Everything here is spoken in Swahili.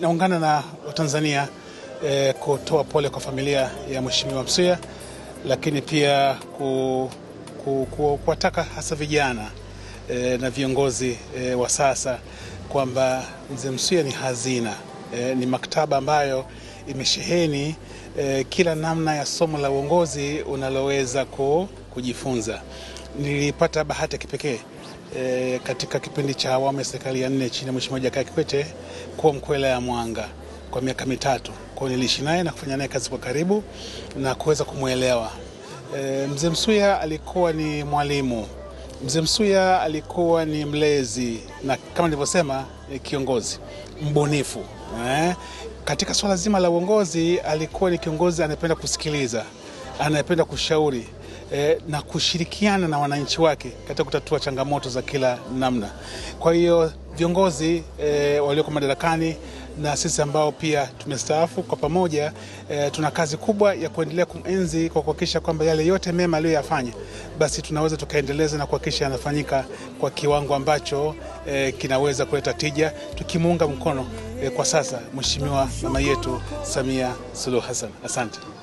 Naungana na Watanzania eh, kutoa pole kwa familia ya Mheshimiwa Msuya, lakini pia ku, ku, ku, kuwataka hasa vijana eh, na viongozi eh, wa sasa kwamba Mzee Msuya ni hazina eh, ni maktaba ambayo imesheheni eh, kila namna ya somo la uongozi unaloweza kujifunza. Nilipata bahati ya kipekee eh, katika kipindi cha awamu ya serikali ya nne chini ya Mheshimiwa Jakaya Kikwete kuwa mkuu wa wilaya ya Mwanga kwa miaka mitatu. kwao niliishi naye na kufanya naye kazi kwa karibu na kuweza kumwelewa. Eh, Mzee Msuya alikuwa ni mwalimu Mzee Msuya alikuwa ni mlezi na kama nilivyosema, eh, kiongozi mbunifu eh. Katika swala zima la uongozi alikuwa ni kiongozi anayependa kusikiliza, anayependa kushauri eh, na kushirikiana na wananchi wake katika kutatua changamoto za kila namna. Kwa hiyo viongozi eh, walioko madarakani na sisi ambao pia tumestaafu kwa pamoja eh, tuna kazi kubwa ya kuendelea kumenzi kwa kuhakikisha kwamba yale yote mema aliyoyafanya basi tunaweza tukaendeleza na kuhakikisha yanafanyika kwa kiwango ambacho e, kinaweza kuleta tija, tukimuunga mkono e, kwa sasa Mheshimiwa mama yetu Samia Suluhu Hassan. Asante.